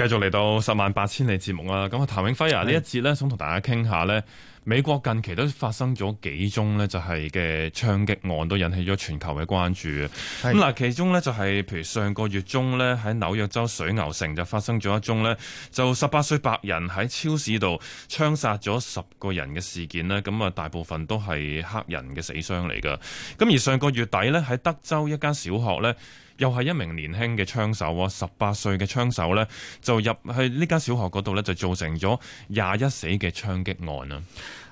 繼續嚟到十萬八千里節目啦，咁啊，譚永輝啊，呢一節咧想同大家傾下呢，美國近期都發生咗幾宗呢，就係嘅槍擊案都引起咗全球嘅關注啊。咁嗱，其中呢，就係、是、譬如上個月中呢，喺紐約州水牛城就發生咗一宗呢，就十八歲白人喺超市度槍殺咗十個人嘅事件呢，咁啊，大部分都係黑人嘅死傷嚟噶。咁而上個月底呢，喺德州一間小學呢，又係一名年輕嘅槍手喎，十八歲嘅槍手呢，就入去呢間小學嗰度呢就造成咗廿一死嘅槍擊案啊！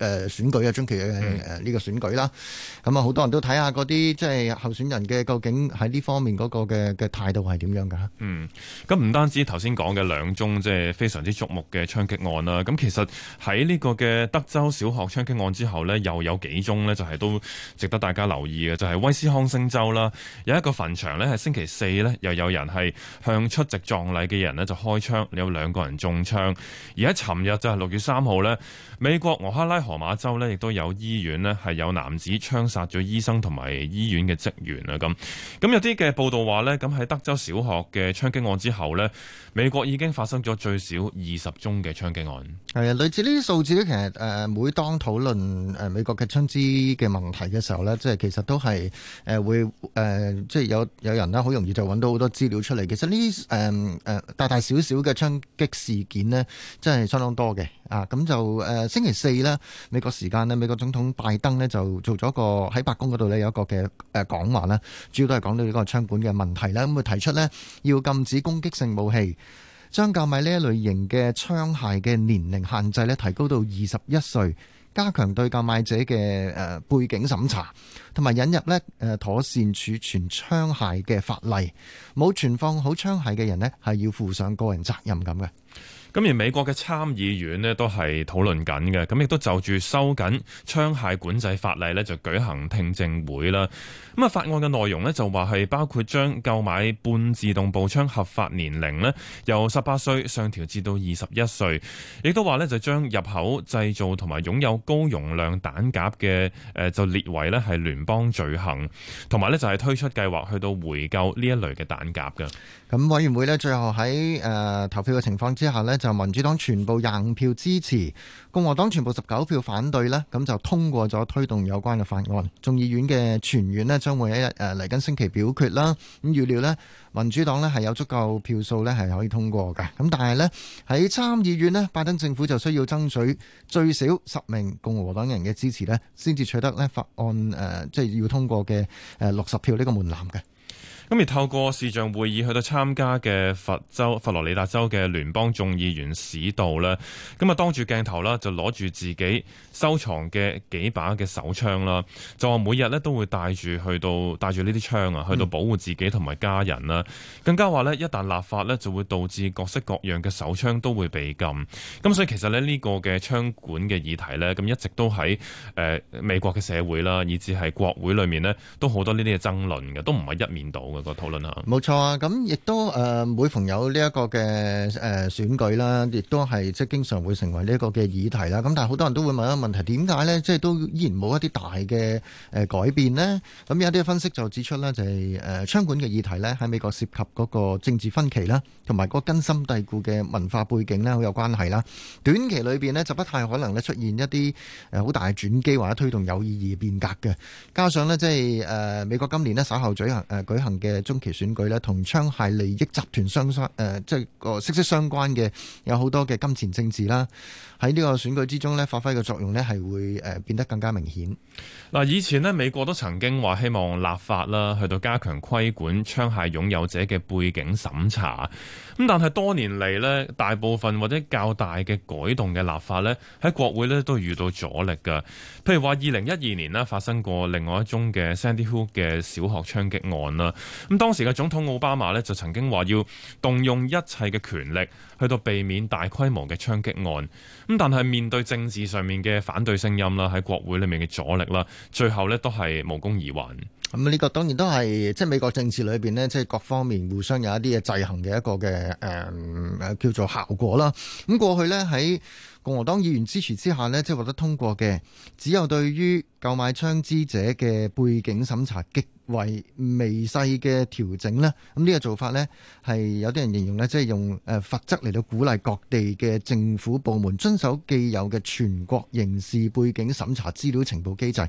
誒、呃、選舉啊，中期嘅誒呢個選舉啦，咁啊好多人都睇下嗰啲即係候選人嘅究竟喺呢方面嗰個嘅嘅態度係點樣嘅？嗯，咁唔單止頭先講嘅兩宗即係非常之矚目嘅槍擊案啦，咁其實喺呢個嘅德州小學槍擊案之後呢，又有幾宗呢，就係都值得大家留意嘅，就係、是、威斯康星州啦，有一個墳場呢，係星期四呢，又有人係向出席葬禮嘅人呢就開槍，有兩個人中槍。而喺尋日就係六月三號呢，美國俄克拉荷馬州呢，亦都有醫院呢係有男子槍殺咗醫生同埋醫院嘅職員啊。咁咁有啲嘅報道話呢，咁喺德州小學嘅槍擊案之後呢，美國已經發生咗最少二十宗嘅槍擊案。係啊，類似呢啲數字呢，其實誒，每當討論誒美國嘅槍支嘅問題嘅時候呢，即係其實都係誒會誒，即係有有人呢，好容易就揾到好多資料出嚟。其實呢啲誒誒，大大小小嘅槍擊事件呢，真係相當多嘅啊。咁就誒、呃、星期四呢，美國時間咧，美國總統拜登咧就做咗個喺白宮嗰度咧有一個嘅誒講話啦，主要都係講到呢個槍管嘅問題啦。咁佢提出呢要禁止攻擊性武器，將購買呢一類型嘅槍械嘅年齡限制咧提高到二十一歲，加強對購買者嘅誒背景審查，同埋引入咧誒妥善儲存槍械嘅法例，冇存放好槍械嘅人咧係要負上個人責任咁嘅。咁而美國嘅參議院咧都係討論緊嘅，咁亦都就住收緊槍械管制法例咧，就舉行聽證會啦。咁啊，法案嘅內容咧就話係包括將購買半自動步槍合法年齡咧由十八歲上調至到二十一歲，亦都話咧就將入口製造同埋擁有高容量彈夾嘅誒就列為咧係聯邦罪行，同埋咧就係、是、推出計劃去到回購呢一類嘅彈夾嘅。咁委員會咧最後喺誒、呃、投票嘅情況之下咧。就民主黨全部廿五票支持，共和黨全部十九票反對咧，咁就通過咗推動有關嘅法案。眾議院嘅全院咧，將會喺誒嚟緊星期表決啦。咁預料咧，民主黨咧係有足夠票數咧係可以通過嘅。咁但係咧喺參議院咧，拜登政府就需要爭取最少十名共和黨人嘅支持咧，先至取得咧法案誒，即、呃、係、就是、要通過嘅誒六十票呢個門檻嘅。咁而透過視像會議去到參加嘅佛州、佛羅里達州嘅聯邦眾議員史道呢，咁啊當住鏡頭啦，就攞住自己收藏嘅幾把嘅手槍啦，就話每日呢都會帶住去到帶住呢啲槍啊，去到保護自己同埋家人啦。更加話呢，一旦立法呢，就會導致各式各樣嘅手槍都會被禁。咁所以其實呢呢個嘅槍管嘅議題呢，咁一直都喺誒美國嘅社會啦，以至係國會裏面呢，都好多呢啲嘅爭論嘅，都唔係一面倒嘅。個討論啊，冇錯啊，咁亦都誒每逢有呢一個嘅誒選舉啦，亦都係即係經常會成為呢一個嘅議題啦。咁但係好多人都會問一個問題：點解呢？即係都依然冇一啲大嘅誒改變呢？咁有啲分析就指出呢，就係誒槍管嘅議題呢，喺美國涉及嗰個政治分歧啦，同埋嗰個根深蒂固嘅文化背景呢，好有關係啦。短期裏邊呢，就不太可能呢出現一啲誒好大轉機或者推動有意義嘅變革嘅。加上呢，即係誒美國今年呢稍後舉行誒舉行嘅。中期選舉咧，同槍械利益集團相相誒，即係個息息相關嘅，有好多嘅金錢政治啦，喺呢個選舉之中咧，發揮嘅作用咧，係會誒變得更加明顯。嗱，以前咧，美國都曾經話希望立法啦，去到加強規管槍械擁有者嘅背景審查，咁但係多年嚟咧，大部分或者較大嘅改動嘅立法咧，喺國會咧都遇到阻力嘅。譬如話，二零一二年咧發生過另外一宗嘅 Sandy Hook 嘅小學槍擊案啦。咁當時嘅總統奧巴馬咧就曾經話要動用一切嘅權力去到避免大規模嘅槍擊案。咁但係面對政治上面嘅反對聲音啦，喺國會裏面嘅阻力啦，最後咧都係無功而還。咁、嗯、呢、這個當然都係即係美國政治裏邊咧，即係各方面互相有一啲嘅制衡嘅一個嘅誒、嗯、叫做效果啦。咁過去咧喺共和黨議員支持之下咧，即係獲得通過嘅只有對於購買槍支者嘅背景審查激為微細嘅調整咧，咁呢個做法呢，係有啲人形容呢即係用誒法則嚟到鼓勵各地嘅政府部門遵守既有嘅全國刑事背景審查資料情報機制，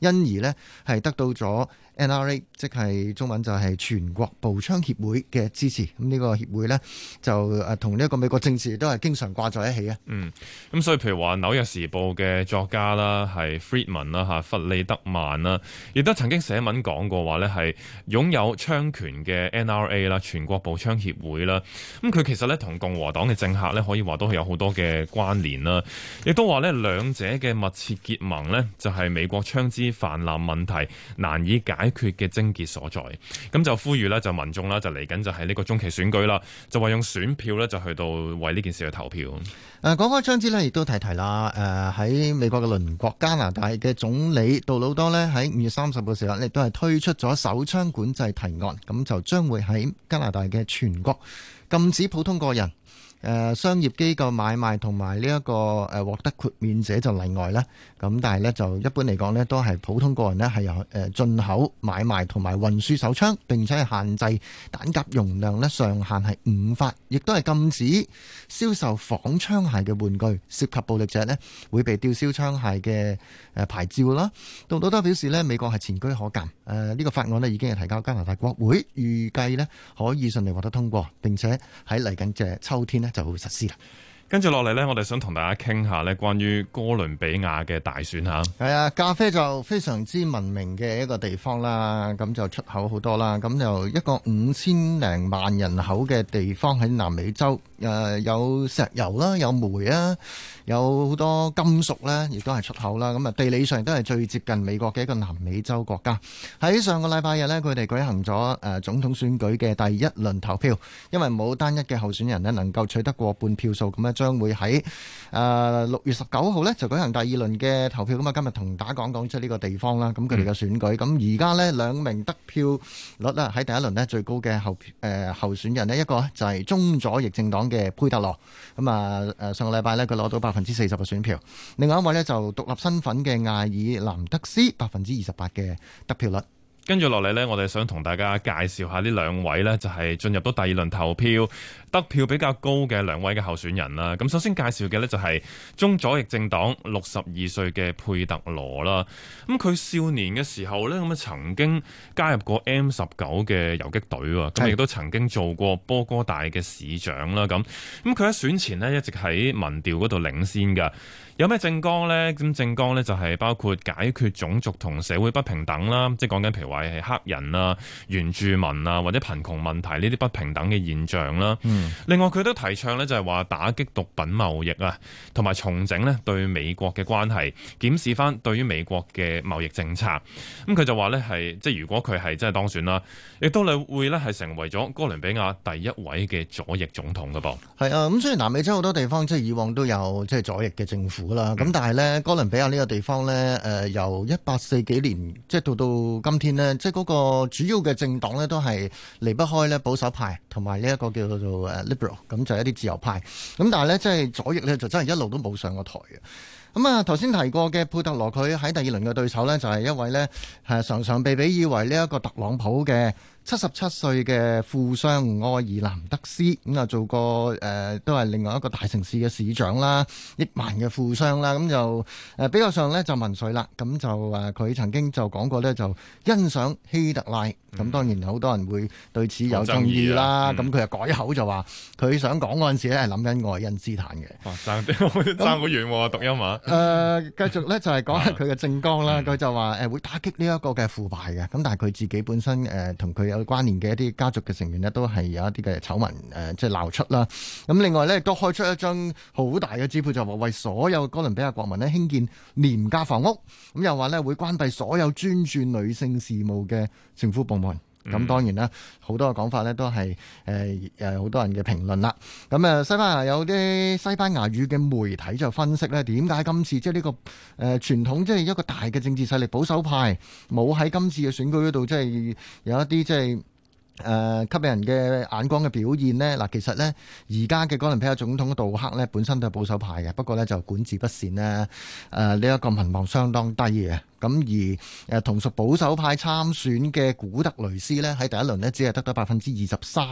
因而呢，係得到咗 NRA，即係中文就係全國步槍協會嘅支持。咁呢個協會呢，就誒同呢一個美國政治都係經常掛在一起嘅。嗯，咁所以譬如話紐約時報嘅作家啦，係 Friedman 啦嚇，弗利德曼啦，亦都曾經寫文講過。話咧，係擁有槍權嘅 NRA 啦，全國步槍協會啦，咁佢其實咧同共和黨嘅政客咧可以話都係有好多嘅關聯啦，亦都話咧，兩者嘅密切結盟呢，就係美國槍支泛濫問題難以解決嘅症結所在。咁就呼籲呢，就民眾啦就嚟緊就係呢個中期選舉啦，就話用選票咧就去到為呢件事去投票。誒、啊，講開槍支呢，亦都提提啦。誒、呃，喺美國嘅鄰國加拿大嘅總理杜魯多呢，喺五月三十嘅時候亦都係推出。出咗手槍管制提案，咁就將會喺加拿大嘅全國禁止普通個人。誒商業機構買賣同埋呢一個誒獲得豁免者就例外啦。咁但係呢，就一般嚟講呢都係普通個人呢係由誒進口買賣同埋運輸手槍，並且係限制彈匣容量呢上限係五發，亦都係禁止銷售仿槍械嘅玩具，涉及暴力者呢會被吊銷槍械嘅誒牌照啦。杜魯多，多表示呢美國係前車可鑑誒呢、呢個法案呢已經係提交加拿大國會，預計呢可以順利獲得通過，並且喺嚟緊嘅秋天咧。就實施啦。跟住落嚟呢，我哋想同大家傾下呢，關於哥倫比亞嘅大選吓。係啊，咖啡就非常之聞名嘅一個地方啦，咁就出口好多啦。咁就一個五千零萬人口嘅地方喺南美洲，誒有石油啦，有煤啊，有好多金屬啦，亦都係出口啦。咁啊，地理上都係最接近美國嘅一個南美洲國家。喺上個禮拜日呢，佢哋舉行咗誒總統選舉嘅第一輪投票，因為冇單一嘅候選人呢，能夠取得過半票數，咁樣。將會喺誒六月十九號咧就舉行第二輪嘅投票咁啊，今日同大家講講出呢個地方啦，咁佢哋嘅選舉咁而家咧兩名得票率啦喺第一輪最高嘅誒候、呃、候選人一個就係中左翼政黨嘅佩特羅，咁啊誒上個禮拜咧佢攞到百分之四十嘅選票，另外一位咧就獨立身份嘅艾爾南德斯百分之二十八嘅得票率。跟住落嚟呢，我哋想同大家介紹下呢兩位呢就係進入到第二輪投票得票比較高嘅兩位嘅候選人啦。咁首先介紹嘅呢，就係中左翼政黨六十二歲嘅佩特羅啦。咁佢少年嘅時候呢，咁啊曾經加入過 M 十九嘅遊擊隊喎。咁亦都曾經做過波哥大嘅市長啦。咁咁佢喺選前呢，一直喺民調嗰度領先㗎。有咩政綱呢？咁政綱呢，就係包括解決種族同社會不平等啦，即係講緊譬如話係黑人啊、原住民啊或者貧窮問題呢啲不平等嘅現象啦。嗯。另外佢都提倡呢，就係話打擊毒品貿易啊，同埋重整呢對美國嘅關係，檢視返對於美國嘅貿易政策。咁佢就話呢，係即係如果佢係真係當選啦，亦都你會呢係成為咗哥倫比亞第一位嘅左翼總統嘅噃。係啊，咁雖然南美洲好多地方即係以往都有即係左翼嘅政府。啦，咁但係咧，哥倫比亞呢個地方咧，誒、呃、由一八四幾年，即到到今天呢，即嗰個主要嘅政黨呢，都係離不開咧保守派同埋呢一個叫做 Liberal，咁就係一啲自由派。咁但係咧，即係左翼呢，就真係一路都冇上過台嘅。咁啊，頭先提過嘅佩特羅，佢喺第二輪嘅對手呢，就係一位呢，係常常被比以為呢一個特朗普嘅。七十七歲嘅富商愛爾南德斯，咁啊，做過誒、呃、都係另外一個大城市嘅市長啦，億萬嘅富商啦，咁就誒、呃、比較上咧就民粹啦，咁就誒佢、呃、曾經就講過咧，就欣賞希特拉，咁當然好多人會對此有爭議啦，咁佢又改口就話佢想講嗰陣時咧係諗緊愛因斯坦嘅。爭啲爭好遠喎、啊，讀音啊！誒、呃，繼續咧就係講下佢嘅政綱啦，佢就話誒會打擊呢一個嘅腐敗嘅，咁、嗯、但係佢自己本身誒同佢有。關聯嘅一啲家族嘅成員是、呃、是呢，都係有一啲嘅醜聞誒，即係鬧出啦。咁另外咧，亦都開出一張好大嘅支票，就話、是、為所有哥倫比亞國民呢，興建廉價房屋。咁又話咧會關閉所有專注女性事務嘅政府部門。咁、嗯、當然啦，好多嘅講法咧都係誒好多人嘅評論啦。咁西班牙有啲西班牙語嘅媒體就分析咧，點解今次即係呢個誒傳統即係一個大嘅政治勢力保守派冇喺今次嘅選舉嗰度，即係有一啲即係誒吸引人嘅眼光嘅表現呢。嗱，其實呢，而家嘅哥倫比亞總統杜克呢，本身都係保守派嘅，不過呢，就管治不善啦，誒呢一個民望相當低嘅。咁而同屬保守派參選嘅古特雷斯呢，喺第一輪呢只係得到百分之二十三，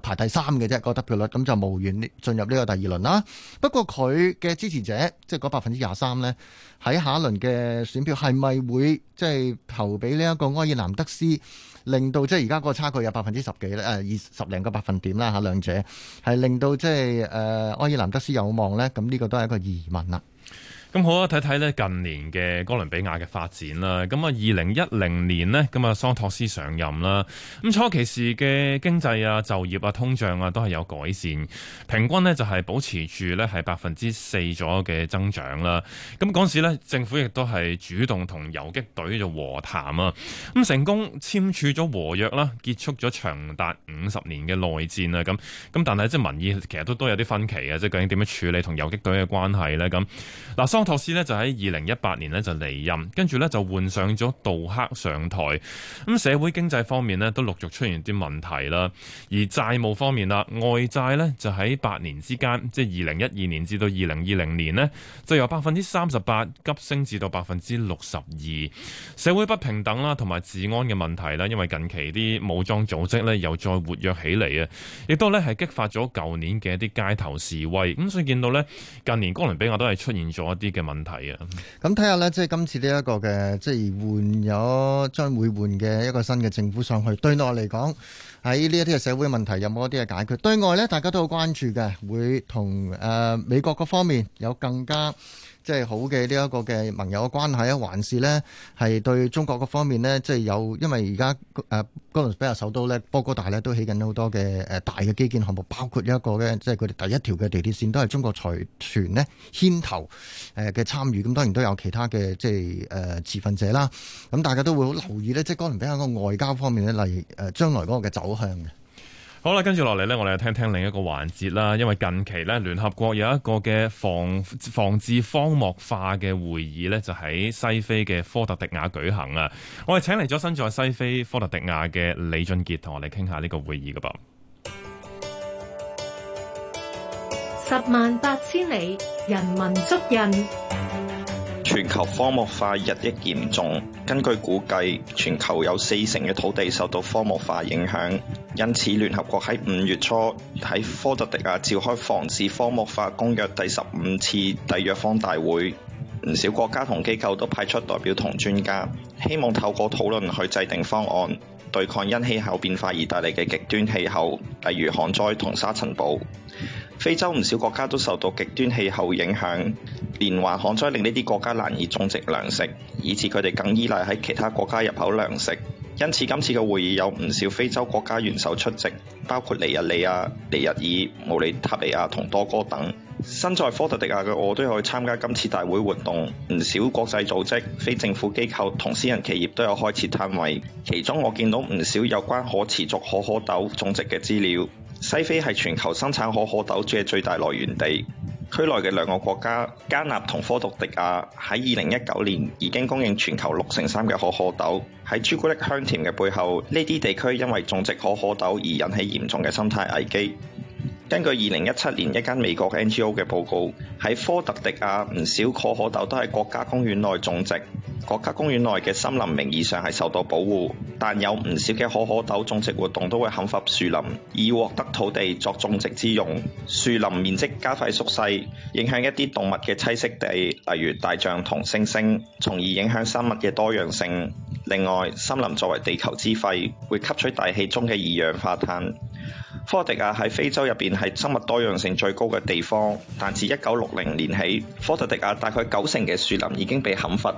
排第三嘅啫個得票率，咁就無緣進入呢個第二輪啦。不過佢嘅支持者即係嗰百分之廿三呢，喺下一輪嘅選票係咪會即係投俾呢一個埃爾南德斯，令到即係而家個差距有百分之十幾咧，二十零個百分點啦下兩者，係令到即係誒埃爾南德斯有望呢。咁呢個都係一個疑問啦。咁好啊，睇睇咧近年嘅哥倫比亞嘅發展啦。咁啊，二零一零年咧，咁啊桑托斯上任啦。咁初期時嘅經濟啊、就業啊、通脹啊都係有改善，平均咧就係、是、保持住咧係百分之四左右嘅增長啦。咁嗰陣時咧，政府亦都係主動同游擊隊就和談啊，咁成功簽署咗和約啦，結束咗長達五十年嘅內戰啊。咁咁但係即係民意其實都都有啲分歧啊，即係究竟點樣處理同游擊隊嘅關係咧？咁嗱托斯呢就喺二零一八年呢就離任，跟住呢就換上咗杜克上台。咁社會經濟方面呢都陸續出現啲問題啦。而債務方面啦，外債呢就喺八年之間，即係二零一二年至到二零二零年呢，就由百分之三十八急升至到百分之六十二。社會不平等啦，同埋治安嘅問題啦，因為近期啲武裝組織呢又再活躍起嚟啊，亦都呢係激發咗舊年嘅一啲街頭示威。咁所以見到呢，近年哥倫比亞都係出現咗一啲嘅問題啊，咁睇下呢，即係今次呢一個嘅，即係換咗將會換嘅一個新嘅政府上去，對內嚟講喺呢一啲嘅社會問題有冇一啲嘅解決？對外呢，大家都好關注嘅，會同誒美國嗰方面有更加。即係好嘅呢一個嘅盟友嘅關係，還是呢係對中國嗰方面呢？即係有因為而家誒哥倫比亞首都呢，波哥大呢都起緊好多嘅誒大嘅基建項目，包括一個呢，即係佢哋第一條嘅地鐵線都係中國財團呢牽頭誒嘅參與，咁當然都有其他嘅即係誒、呃、持份者啦。咁大家都會好留意呢，即係哥倫比亞嗰個外交方面呢，例如誒將來嗰個嘅走向嘅。好啦，跟住落嚟咧，我哋聽聽另一個環節啦。因為近期咧，聯合國有一個嘅防防治荒漠化嘅會議咧，就喺西非嘅科特迪瓦舉行啊。我哋請嚟咗身在西非科特迪瓦嘅李俊杰，同我哋傾下呢個會議嘅噃。十萬八千里，人文足印。全球荒漠化日益嚴重，根據估計全球有四成嘅土地受到荒漠化影響，因此，聯合國喺五月初喺科特迪瓦召開防治荒漠化公約第十五次締約方大會，唔少國家同機構都派出代表同專家，希望透過討論去制定方案，對抗因氣候變化而帶嚟嘅極端氣候，例如旱災同沙塵暴。非洲唔少國家都受到極端氣候影響，連環旱災令呢啲國家難以種植糧食，以致佢哋更依賴喺其他國家入口糧食。因此今次嘅會議有唔少非洲國家元首出席，包括尼日利亞、尼日爾、毛里塔尼亞同多哥等。身在科特迪瓦嘅我都有去參加今次大會活動。唔少國際組織、非政府機構同私人企業都有開設攤位，其中我見到唔少有關可持續可可豆種植嘅資料。西非係全球生產可可豆嘅最大來源地，區內嘅兩個國家加納同科特迪瓦喺二零一九年已經供應全球六成三嘅可可豆。喺朱古力香甜嘅背後，呢啲地區因為種植可可豆而引起嚴重嘅生態危機。根據二零一七年一間美國 NGO 嘅報告，喺科特迪瓦唔少可可豆都喺國家公園內種植。國家公園內嘅森林名義上係受到保護，但有唔少嘅可可豆種植活動都會砍伐樹林，以獲得土地作種植之用。樹林面積加快縮細，影響一啲動物嘅棲息地，例如大象同猩猩，從而影響生物嘅多樣性。另外，森林作為地球之肺，會吸取大氣中嘅二氧化碳。科特迪瓦喺非洲入邊係生物多樣性最高嘅地方，但自一九六零年起，科特迪瓦大概九成嘅樹林已經被砍伐。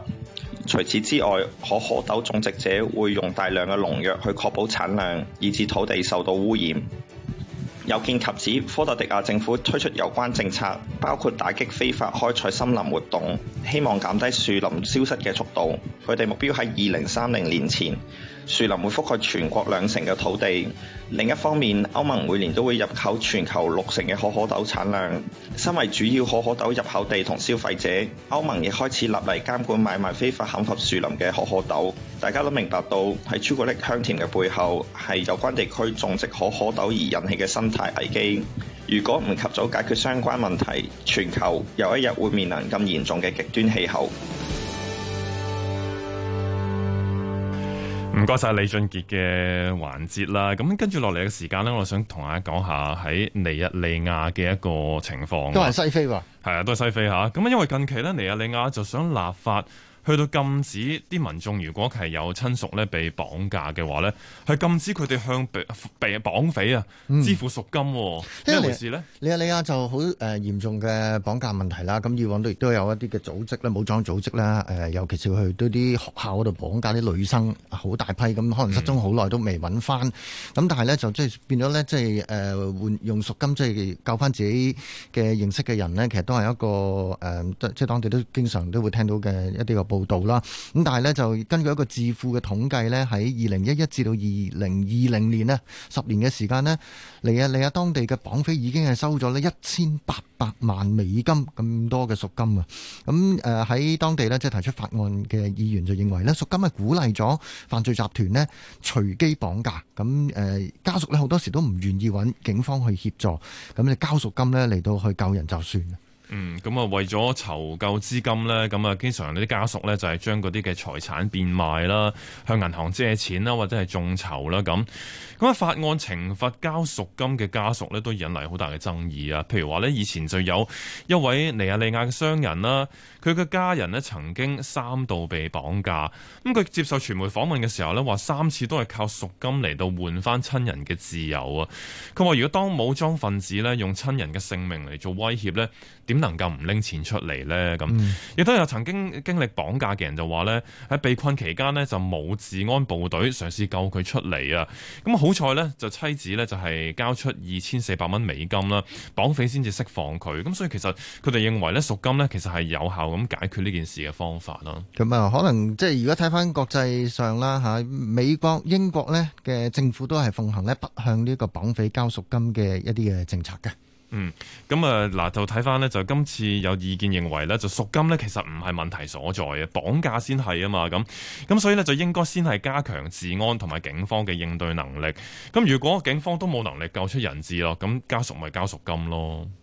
除此之外，可可豆種植者會用大量嘅農藥去確保產量，以致土地受到污染。有見及此，科特迪瓦政府推出有關政策，包括打擊非法開採森林活動，希望減低樹林消失嘅速度。佢哋目標喺二零三零年前。樹林會覆蓋全國兩成嘅土地。另一方面，歐盟每年都會入口全球六成嘅可可豆產量。身為主要可可豆入口地同消費者，歐盟亦開始立例監管買賣非法砍伐樹林嘅可可豆。大家都明白到喺朱古力香甜嘅背後，係有關地區種植可可豆而引起嘅生態危機。如果唔及早解決相關問題，全球有一日會面臨咁嚴重嘅極端氣候。唔該晒，李俊傑嘅環節啦，咁跟住落嚟嘅時間呢，我想同大家講下喺尼日利亞嘅一個情況，都係西非喎，係啊，都係西非吓，咁啊，因為近期呢尼日利亞就想立法。去到禁止啲民眾，如果係有親屬咧被綁架嘅話咧，係禁止佢哋向被被綁匪啊支付贖金。嗯、回事呢事你為、啊、你亞、啊、就好誒嚴重嘅綁架問題啦。咁以往都亦都有一啲嘅組織咧，武裝組織啦。誒，尤其是去到啲學校度綁架啲女生，好大批咁，可能失蹤好耐都未揾翻。咁、嗯、但係咧就即係變咗咧，即係誒換用贖金即係、就是、救翻自己嘅認識嘅人咧。其實都係一個誒，即、呃、係、就是、當地都經常都會聽到嘅一啲嘅報道啦，咁但係咧就根據一個智庫嘅統計咧，喺二零一一至到二零二零年呢十年嘅時間呢，嚟啊嚟啊，當地嘅綁匪已經係收咗呢一千八百萬美金咁多嘅贖金啊！咁誒喺當地呢，即係提出法案嘅議員就認為呢，贖金係鼓勵咗犯罪集團呢隨機綁架，咁誒家屬呢，好多時都唔願意揾警方去協助，咁你交贖金呢，嚟到去救人就算。嗯，咁啊為咗籌夠資金咧，咁啊經常嗰啲家屬咧就係將嗰啲嘅財產變賣啦，向銀行借錢啦，或者係眾籌啦咁。咁啊法案懲罰交贖金嘅家屬咧，都引嚟好大嘅爭議啊。譬如話咧，以前就有一位尼亞利亞嘅商人啦，佢嘅家人呢曾經三度被綁架，咁佢接受傳媒訪問嘅時候咧話三次都係靠贖金嚟到換翻親人嘅自由啊。佢話如果當武裝分子咧用親人嘅性命嚟做威脅咧，點？能夠唔拎錢出嚟咧？咁亦都有曾經經歷綁架嘅人就話咧，喺被困期間呢，就冇治安部隊嘗試救佢出嚟啊！咁好彩呢，就妻子呢，就係交出二千四百蚊美金啦，綁匪先至釋放佢。咁所以其實佢哋認為咧贖金呢，其實係有效咁解決呢件事嘅方法咯。咁、嗯、啊，可能即係如果睇翻國際上啦吓，美國、英國呢嘅政府都係奉行咧不向呢個綁匪交贖金嘅一啲嘅政策嘅。嗯，咁啊嗱，就睇翻咧，就今次有意見認為咧，就贖金咧其實唔係問題所在嘅，綁架先係啊嘛。咁咁所以咧，就應該先係加強治安同埋警方嘅應對能力。咁如果警方都冇能力救出人質咯，咁家屬咪交贖金咯。